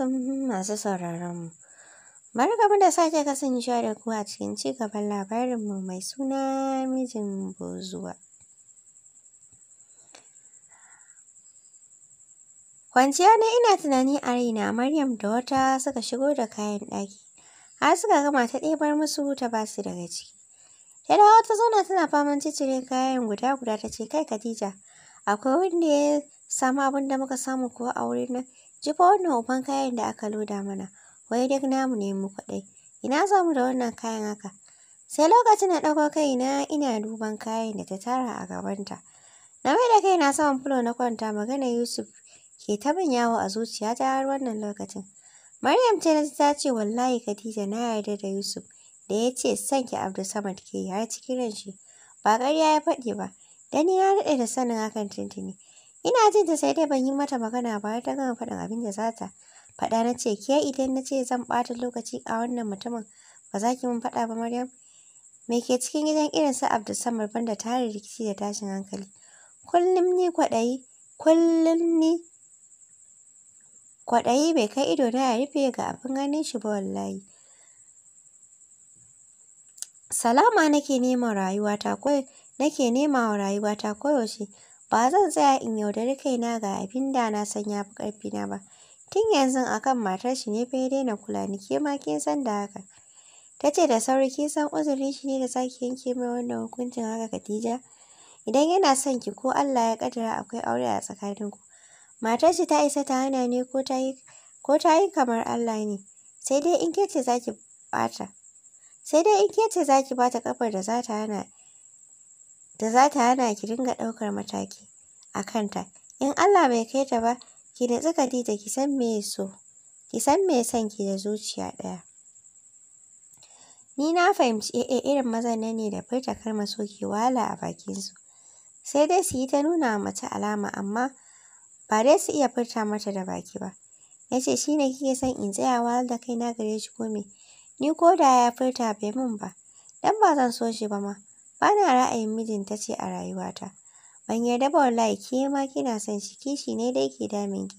alaikum masu mu Barkamu da sake kasancewa da ku a cikin ci gaban labarinmu mai suna mijin bozuwa. Kwanciya na ina tunani a raina Maryam da wata suka shigo da kayan ɗaki. Har suka gama ta ɗebar musu ta ba su daga ciki. Ta wata zauna tana faman cicire kayan guda guda ta ce kai Khadija akwai wanda ya samu abin da muka samu kuwa a wurin nan Jifa wannan uban kayan da aka loda mana, wai duk namu ne mu kaɗai. Ina za da wannan kayan haka? Sai lokacin na ɗago kaina ina duban kayan da ta tara a gabanta. Na mai da kaina saman fulo na kwanta magana Yusuf ke ta bin yawo a zuciya ta har wannan lokacin. Maryam ce ta ce wallahi Khadija na yarda da Yusuf da ya ce son ki Abdulsamad ke yi har cikin ran shi. Ba ƙarya ya faɗi ba, dani ya daɗe da sanin hakan tuntuni. ina jin ta sai dai ban yi mata magana ba har ta gama faɗin abin da za ta faɗa na ce ke idan na ce zan ɓata lokaci a wannan mutumin ba za ki min faɗa ba maryam me ke cikin gidan irin su abdulsamar banda tare rikici da tashin hankali kullum ni kwaɗayi kullum ni kwaɗayi bai kai ido na ya rufe ga abin ganin shi ba wallahi salama nake nema nake nema wa rayuwata koyaushe Ba zan tsaya in yaudari kaina ga abin da na san ya fi ƙarfina ba. Tun yanzu a kan matar shi ne fa ya daina kula ni ke ma kin san da haka. Ta ce da sauri kin san uzurin shi ne da zaki yanke mai wannan hukuncin haka Khadija. Idan yana son ki ko Allah ya kaddara akwai aure a tsakaninku. Matar shi ta isa ta hana ne ko ta yi ko ta yi kamar Allah ne. Sai dai in ke zaki bata. Sai dai in kece zaki bata kafar da za ta hana da za ta hana ki dinga ɗaukar mataki a kanta. In Allah bai kai ta ba, ki natsu Khadija ki san me so, ki san me san ki da zuciya ɗaya. Ni na fahimci eh, eh irin mazan nan ne da furta kalma so ke wahala a bakinsu. Sai dai su yi ta nuna wa mace alama amma ba dai su iya furta mata da baki ba. Ya ce shi ne kike san in tsaya wahal da na gare shi ko me? Ni ko da ya furta bai mun ba, dan ba zan so shi ba ma. Bana na ra'ayin mijinta ce a rayuwata. Ban yarda ba wallahi ke ma kina son shi kishi ne dai ke daminki.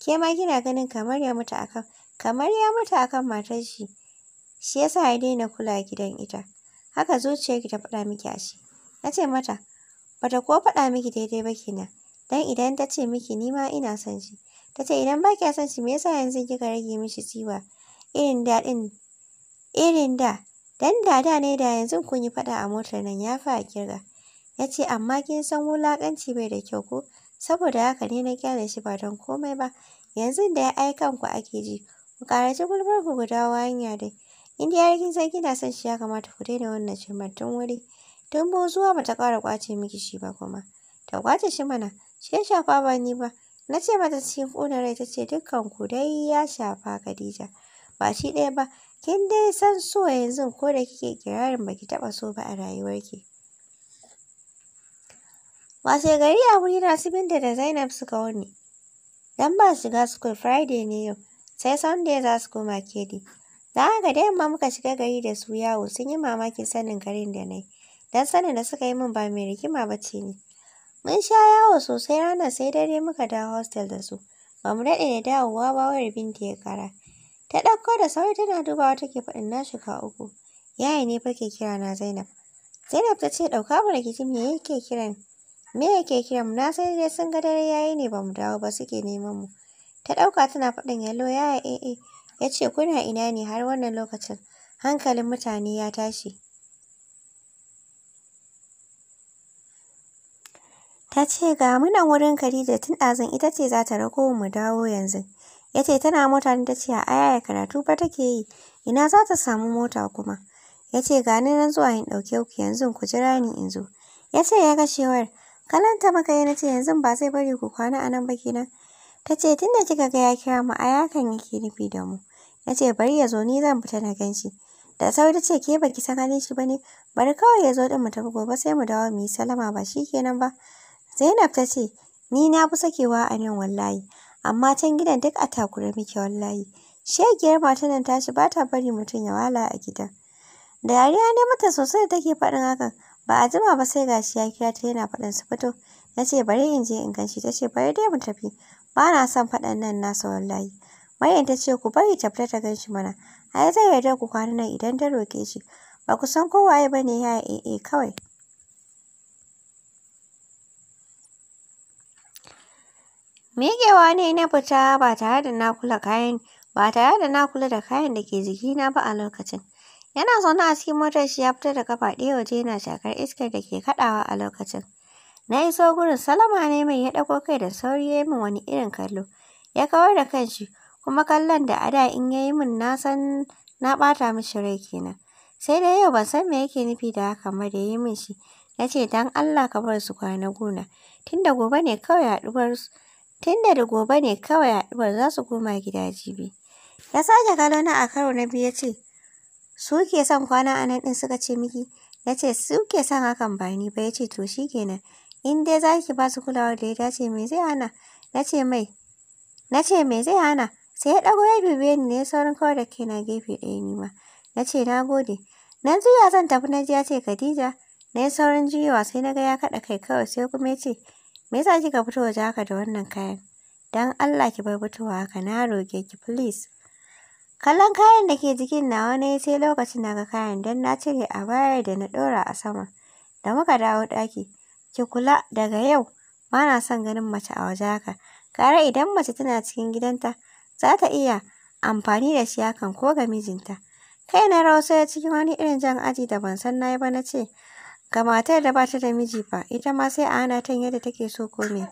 ki. Ke ma kina ganin kamar ya mutu akan kamar ya mutu akan matar shi. Shi yasa ya daina kula gidan ita. Haka zuciyarki ta faɗa miki a shi. Na ce mata bata ko faɗa miki daidai ba kina Dan idan ta ce miki ni ma ina son shi. Ta ce idan ba kya son shi me yasa yanzu kika rage mishi tsiwa irin da irin da Dan da da ne da yanzu kun yi faɗa a motar nan ya fi a kirga. Ya ce amma kin san wulaƙanci bai da kyau ko saboda haka ne na kyale shi ba don komai ba. Yanzu da ya aika ku ake ji ku ƙaraci gulbar ku guda hanya dai. In dai har kin san kina son shi ya kamata ku daina wannan shirmar tun wuri. Tun bo zuwa bata ƙara kwace miki shi ba kuma. Ta kwace shi mana shi ya shafa ba ni ba. Na ce mata cikin ƙunar rai ta ce dukkan ku dai ya shafa Khadija. Ba shi ɗaya ba Kin dai san so yanzu ko da kike kirarin baki taɓa so ba a rayuwarki. Washe gari a wuri na su binta da Zainab suka wuni. Dan ba shiga school Friday ne yau, sai Sunday za su koma kedi. Da ga da yamma muka shiga gari da su yawo sun yi mamakin sanin garin da na Dan sanin da suka yi min ba mai rigima ba ce ni. Mun sha yawo sosai ranar sai dare muka dawo hostel da su. Ba mu daɗe da dawowa ba wayar binta ya kara. Ta ɗauko da sauri tana dubawa take faɗin na shiga uku. Yaya ne fa ke kira na Zainab? Zainab ta ce ɗauka mana ki me yake kiran me yake kiran mu na san dai sun ga dare yayi ne bamu dawo ba suke neman mu. Ta ɗauka tana faɗin yallo yaya eh eh ya ce kuna ina ne har wannan lokacin hankalin mutane ya tashi. Ta ce ga munan wurin Khadija tun ɗazan ita ce za ta rako mu dawo yanzu. Ya ce tana mota ta ce a yaya karatu ba take yi, ina za ta samu mota kuma. Ya ce ga ni nan zuwa in ɗauke ku yanzu ku jira ni in zo. Ya ce ya kashe wayar, kalanta maka yana ce yanzu ba zai bari ku kwana a nan ba kenan. Ta ce tun da kika ga ya kira mu a kan yake nufi da mu. Ya ce bari ya zo ni zan fita na gan shi. Da sauri ta ce ke baki san halin shi bane, bari kawai ya zo din mu tafi gobe sai mu dawo mu yi salama ba shi kenan ba. Zainab ta ce ni na fi sakewa a nan wallahi. amma can gidan duk a takure muke wallahi. Shegiyar matan nan tashi ba ta bari mutum ya wala a gidan. Da yariya ne mata sosai da take faɗin hakan, ba a jima ba sai gashi ya kira ta yana faɗin su fito. Na ce bari in je in ganshi ta ce bari dai mu tafi, ba na son faɗan nan nasa wallahi. Maryam ta ce ku bari ta fita ta ganshi mana, ai zai yarda ku kwana nan idan ta roke shi. Ba ku san kowaye ba ne ya AA kawai. Miƙewa ne na fita ba tare da na kula kayan ba tare da na kula da kayan da ke jikina ba a lokacin. Yana zaune a cikin motar shi ya fita da kafa ɗaya waje yana shakar iskar da ke kaɗawa a lokacin. Na iso gurin Salama ne mai ya ɗago kai da sauri ya yi min wani irin kallo. Ya kawar da shi kuma kallon da a da in ya yi min na san na ɓata mishi rai kenan. Sai dai yau ban san me yake nufi da haka ba da ya yi min shi. Na ce don Allah ka bar su kwana gona. Tunda gobe ne kawai haɗuwarsu. Tunda da gobe ne kawai haɗuwar za su koma gida jibi. Ya sake kallo na a karo na biyu ya ce, Su ke son kwana a nan din suka ce miki? Na ce, Su ke son hakan ba ni ba ya ce, To shi kenan. In dai za ki ba su kulawar da ya dace me zai hana? Na ce mai, Na me zai hana? Sai ya ɗago ya dube ni ne saurin kawar da na gefe ɗaya ni ma. Na ce, Na gode. nan zuwa zan tafi na ji ya ce, Khadija. Na yi saurin juyawa sai na ga ya kaɗa kai kawai sai kuma ya ce, Me yasa kika fito waje haka da wannan kayan? Dan Allah ki bar fitowa haka na roke ki please. Kallon kayan da ke jikin nawa ne sai lokacin na ga kayan dan na cire a baya da na ɗora a sama. Da muka dawo ɗaki, ki kula daga yau ba na son ganin mace a waje haka. Gara idan mace tana cikin gidanta za ta iya amfani da shi hakan ko ga mijinta. Kai na rawa sai cikin wani irin jan aji da ban san na yi ba na ce, Ga matar da ba ta da miji ba ita ma sai a hana ta yadda take so ko me?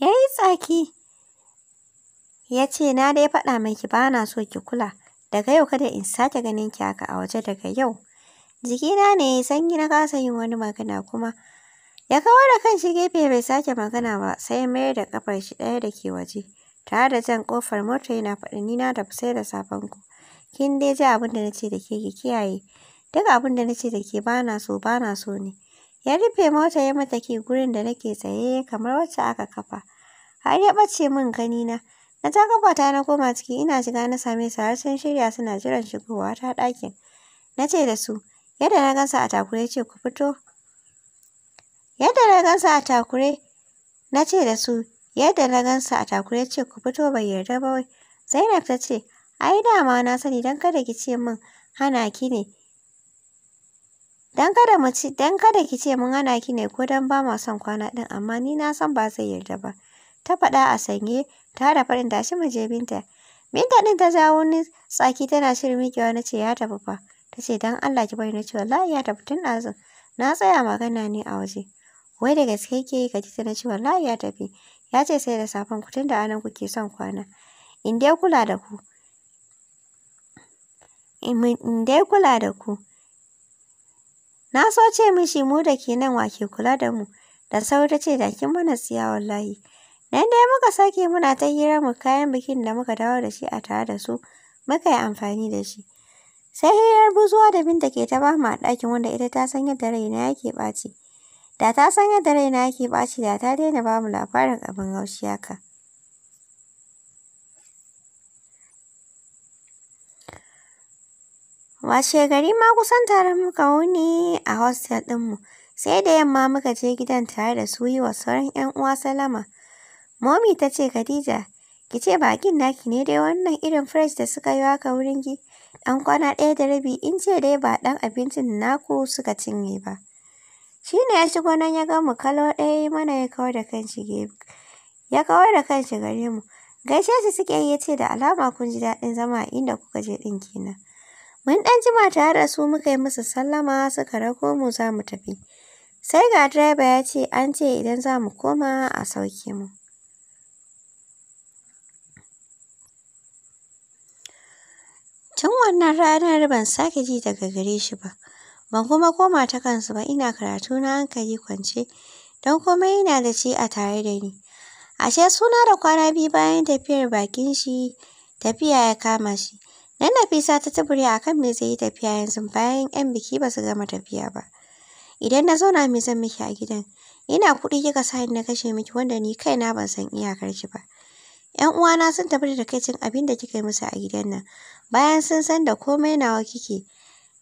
Ya yi tsaki. Ya ce, na dai faɗa miki ba na so ki kula. Daga yau kada in sake ganin ki haka a waje daga yau. Jiki na ne sanyi na kasa yin wani magana kuma. Ya kawo da kan shi gefe bai sake magana ba sai mayar da kafar shi ɗaya da ke waje. Tare da jan kofar mota yana faɗi nina da sai da safen kin dai ji abin da nace da ke ki kiyaye duk abin da nace da ke bana so bana so ne ya rufe mota ya mata ke gurin da nake tsaye kamar wacce aka kafa har ya bace min gani na ta kafa ta na koma ciki ina shiga na same su har sun shirya suna jiran shigowa ta ɗakin na ce da su yadda na gansa a takure ce ku fito yadda na gansa a takure na ce da su yadda na gansa a takure ce ku fito bai yarda ba wai zainab ta ce Ai dama na sani don kada ki ce min hana ki ne. Don kada mu don kada ki ce mun hana ki ne ko don ba ma son kwana ɗin amma ni na san ba zai yarda ba. Ta faɗa a sanye ta da farin tashi mu je Binta. Binta ɗin ta jawo ni tsaki tana shirin miƙewa na ce ya tafi fa. Ta ce don Allah ki bari na ce wallahi ya tafi tun ɗazun. Na tsaya magana ne a waje. Wai da gaske ke yi ji na ce wallahi ya tafi. Ya ce sai da safen ku da anan kuke son kwana. In dai kula da ku. in eh, dai kula da ku. Na so ce mishi mu da ke nan wake kula da mu, da sauri ce da kin mana siya wallahi. Nan dai muka sake muna ta hira mu kayan bikin da muka dawo da shi a tare da su, muka yi amfani da shi. Sai hirar buzuwa da Binta ke ta ba mu a ɗakin wanda ita ta san yadda raina yake ɓaci. Da ta san yadda raina yake ɓaci da ta daina ba mu labarin abin haushi haka. washe gari ma kusan tare muka wuni a hostel ɗinmu. Sai da yamma muka je gidan tare da su yi wa sauran 'yan uwa salama. Momi ta ce Khadija, ki ce bakin naki ne dai wannan irin fresh da suka yi haka wurin ki. Ɗan kwana ɗaya da rabi in ce dai ba ɗan abincin naku suka cinye ba. Shi ne ya shigo nan ya ga mu kalo ɗaya mana ya kawar da kanshi Ya kawar da kanshi gare mu. Gaishe shi suke yi ya ce da alama kun ji daɗin zama a inda kuka je ɗin kenan. Mun ɗan jima tare da su muka yi musu sallama suka rako mu za mu tafi. Sai ga direba ya ce an ce idan za mu koma a sauke mu. Tun wannan ranar ban sake ji daga gare shi ba. Ban kuma koma ta kansu ba ina karatu na hankali kwance don komai yana da shi a tare da ni. Ashe suna da kwana biyu bayan tafiyar bakin shi tafiya ya kama shi. Nan Nafisa ta tubure a kan me zai yi tafiya yanzu bayan 'yan biki ba su gama tafiya ba. Idan na zauna me zan miki a gidan? Ina kuɗi kika sa na kashe miki wanda ni kaina ban san iyakar ki ba. ‘Yan uwana sun tafi da takaicin abin da kika yi musu a gidan nan. Bayan sun san da komai nawa kike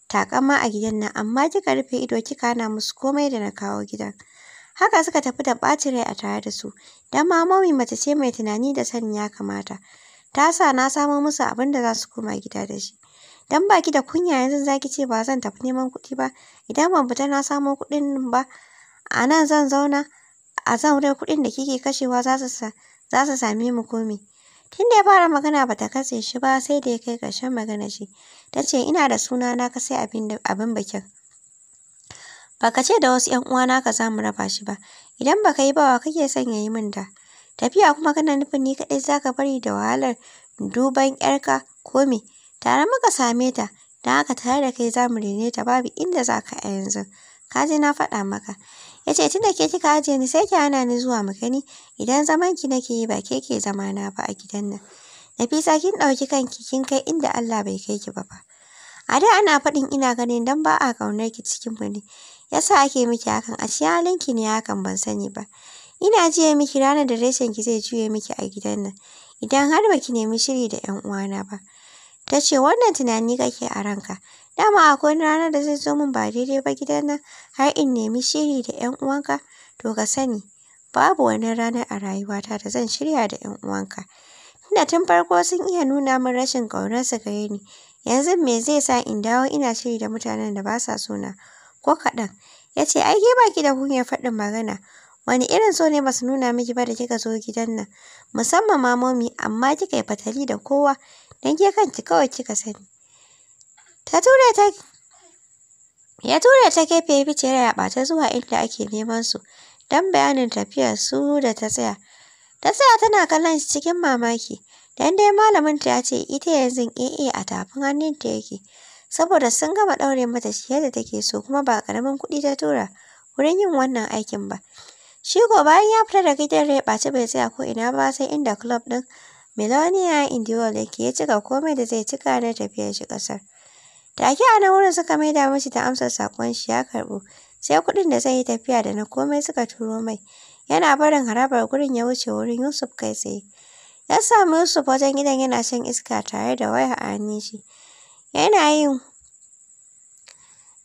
takama a gidan nan amma kika rufe ido kika hana musu komai da na kawo gidan. Haka suka tafi da ɓacin rai a tare da su. Dan ma mace ce mai tunani da sanin ya kamata. ta sa na samo musu abin da za su koma gida da shi dan baki da kunya yanzu zaki ce ba zan tafi neman kuɗi ba idan ban fita na samo kuɗin ba a nan zan zauna a zan wurin kuɗin da kike kashewa za su za same mu komi tun da ya fara magana ba ta katse shi ba sai da ya kai ƙarshen magana shi ta ce ina da suna na ka sai abin bikin baka ce da wasu yan uwana ka za mu raba shi ba idan baka yi ba wa kake son ya yi min da Tafiya kuma kana nufin ni kaɗai zaka bari da wahalar duban 'yarka ko me? Tare muka same ta, don haka tare da kai zamu mu rene ta babu inda za ka a yanzu. Ka ji na faɗa maka. yace ce tunda ke kika ajiye ni sai ki hana ni zuwa mu gani idan zaman ki nake yi ba ke ke zama na ba a gidan nan. Nafisa kin ɗauki kanki kin kai inda Allah bai kai ki ba fa. A da ana faɗin ina ganin dan ba a ƙaunar ki cikin mu ne. Yasa ake miki hakan ashe halin ki ne hakan ban sani ba. Ina ya miki ranar da reshen ki zai juye miki a gidan nan idan har baki nemi shiri da 'yan uwana ba. Ta ce wannan tunani kake a ranka. Dama akwai ranar da zai zo min ba daidai ba gidan nan har in nemi shiri da 'yan uwanka. To ka sani babu wannan ranar a rayuwata da zan shirya da 'yan uwanka. Tunda tun farko sun iya nuna min rashin ƙaunarsu gare ni. Yanzu me zai sa in dawo ina shiri da mutanen da ba sa so ko kaɗan? Ya ce ai ke ba ki da kunyar faɗin magana. Wani irin so ne basu nuna miki ba da kika zo gidan nan? Musamman ma amma kika yi fatali da kowa don ke kanki kawai kika sani. Ta ture ta ya ture ta gefe ya ya ta zuwa inda ake neman su don bayanin tafiyar su da ta tsaya. Ta tsaya tana kallon shi cikin mamaki. Dan dai malaminta ya ce ita yanzu AA a tafin hannunta yake. Saboda sun gama ɗaure mata shi yadda take so kuma ba karamin kuɗi ta tura wurin yin wannan aikin ba. Shigo bayan ya fita da gidan rai ɓaci bai tsaya ko ina ba sai inda club ɗin Melonia Indiwal yake ya cika komai da zai cika na tafiyar shi ƙasar. Take a nan wurin suka maida mashi ta amsar saƙon shi ya karɓo, sai kuɗin da zai yi tafiya da na komai suka turo mai. Yana barin harabar gurin ya wuce wurin Yusuf kai tsaye. Ya samu Yusuf wajen gidan yana shan iska tare da waya a hannun shi. Yana yin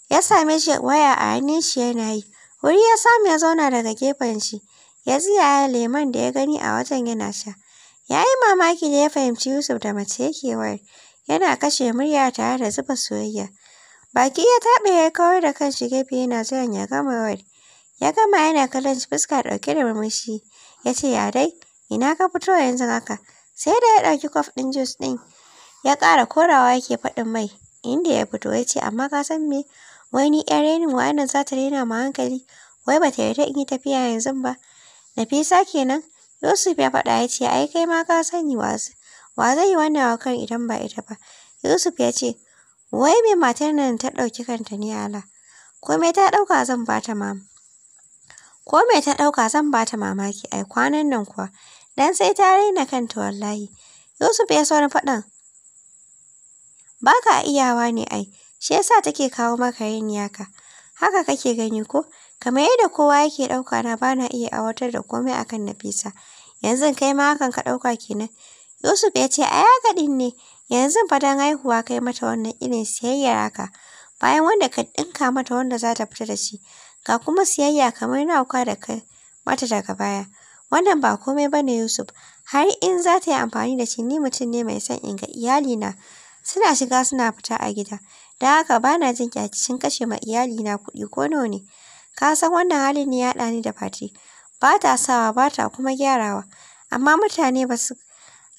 ya same shi waya a hannun shi yana yi Wuri ya samu ya zauna daga gefen shi, ya ya lemon da ya gani a wajen yana sha. Ya yi mamaki da ya fahimci Yusuf da mace yake wayar, yana kashe murya tare da zuba soyayya. Baki ya taɓa ya kawar da kan shi gefe yana jiran ya gama wayar. Ya gama yana kallon shi fuska ɗauke da murmushi, ya ce ya dai, ina ka fito yanzu haka? Sai da ya ɗauki kwaf ɗin jus ɗin, ya ƙara korawa yake faɗin mai, inda ya fito ya ce amma ka san me? Wai ni ‘yar rainin wa? nan za ta raina ma hankali, wai ba ta yarda in yi tafiya yanzu ba. Nafisa kenan, Yusuf ya faɗa ya ce, ai kai ma ka sani wa zai yi wannan kan idan ba ita ba. Yusuf ya ce, wai me matar nan ta ɗauki kanta ne ala, ko me ta ɗauka zan ba ta mama. Ko me ta ɗauka zan ba ta mamaki ai kwanan nan kuwa, dan sai ta raina kanta wallahi. Yusuf ya saurin faɗan, ba ka iyawa ne ai, shi yasa take kawo maka yin yaka haka kake gani ko kamar yadda kowa yake ɗauka na bana iya awatar da komai akan Nafisa yanzu kai ma hakan ka ɗauka kenan Yusuf ya ce aya yaka ne yanzu fa dan haihuwa kai mata wannan irin siyayyar haka bayan wanda ka ɗinka mata wanda za ta fita da shi ga kuma siyayya kamar kwa da kai mata daga baya wannan ba komai ba ne Yusuf har in za ta yi amfani da shi ni mutum ne mai son in ga iyalina suna shiga suna fita a gida Da haka ba na jin kyakicin kashe ma iyali na kuɗi ko nawa ne. Ka san wannan halin ne ya haɗa ni da Fati. Ba ta sawa ba ta kuma gyarawa. Amma mutane ba su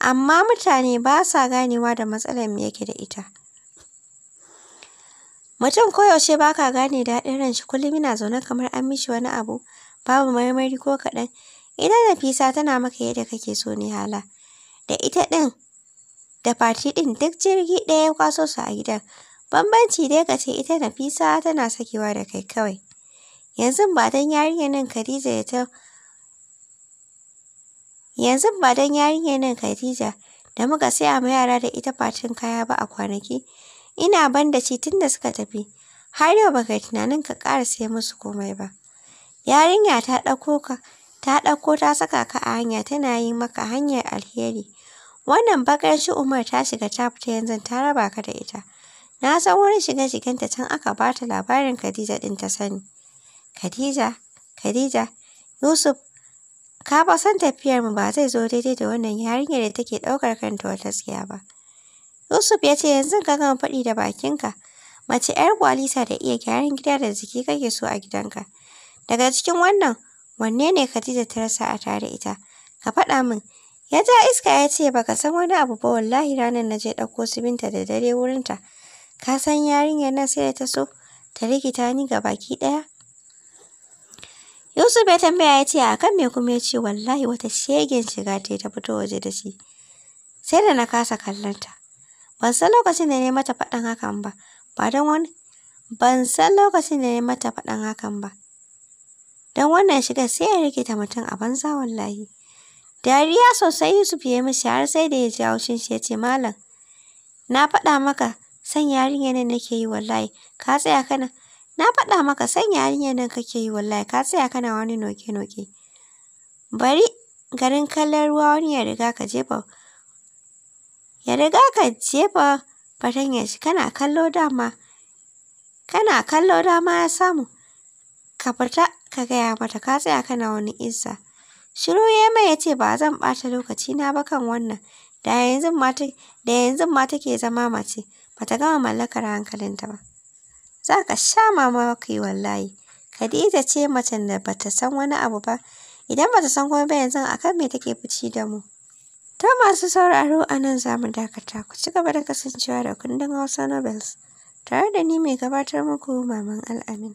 amma mutane ba sa ganewa da matsalar me yake da ita. Mutum koyaushe ba ka gane daɗin ranshi kullum ina zaune kamar an mishi wani abu babu marmari ko kaɗan. da Nafisa tana maka yadda kake so ni hala. Da ita ɗin da Fati ɗin duk jirgi ɗaya ya kwaso su a gidan. Bambanci dai ka ce ita Nafisa tana sakewa da kai kawai. Yanzu ba don yarinyar nan Khadija ta Yanzu ba don yarinyar nan Khadija da muka saya ma yara da ita fatin kaya ba a kwanaki. Ina ban da ci tun da suka tafi. Har yau baka tunanin ka ƙara sai musu komai ba. Yarinya ta ɗauko ka ta ɗauko ta saka ka a hanya tana yi maka hanyar alheri. Wannan bakar shi Umar ta shiga ta fita yanzu ta raba ka da ita. Na san wurin shiga jikinta can aka ba ta labarin Khadija din ta sani. Khadija, Khadija, Yusuf, ka ba san tafiyarmu ba zai zo daidai da wannan yarinyar da take ɗaukar kanta wata tsiya ba. Yusuf ya ce yanzu ka gama faɗi da bakinka. Mace 'yar kwalisa da iya gyaran gida da jiki kake so a gidanka. Daga cikin wannan, wanne ne Khadija ta rasa a tare ita? Ka faɗa min. Ya ja iska ya ce baka san wani abu ba wallahi ranar na je ɗauko su binta da dare wurinta. Ka san yarinyar nan sai da ta so ta rikita ni ga baki ɗaya. Yusuf ya tambaya ya ce a kan me kuma ya ce wallahi wata shegen shiga ta yi ta fito waje da shi. Sai da na kasa kallonta. Ban san lokacin da ne mata faɗan hakan ba. Ba don wani ban san lokacin da ne mata faɗan hakan ba. Don wannan shiga sai ya rikita mutum a banza wallahi. Dariya sosai Yusuf ya yi mishi har sai da ya ji haushin shi ya ce malam na faɗa maka San yarinya ne nake yi wallahi. Ka tsaya kana. Na faɗa maka san yarinya nan kake yi wallahi. Ka tsaya kana wani noke-noke. Bari garin kallon ruwa wani ya riga ka jefa. Ya riga ka jefa ya ci kana kallo dama. Kana kallo dama ya samu. Ka fita ka gaya mata ka tsaya kana wani isa Shiru ya mai ya ce ba zan ɓata lokacina ba kan wannan. Da yanzu ma take zama mace. ba ta gama mallakar hankalinta ba. Za ka sha mamaki wallahi. Khadija ce macen da bata san wani abu ba. Idan bata san kuma ba yanzu akan me take fici da mu. Ta masu sauraro a nan za mu dakata ku ci gaba da kasancewa da kundin Hausa Nobels tare da ni mai gabatar muku Maman Al'amin.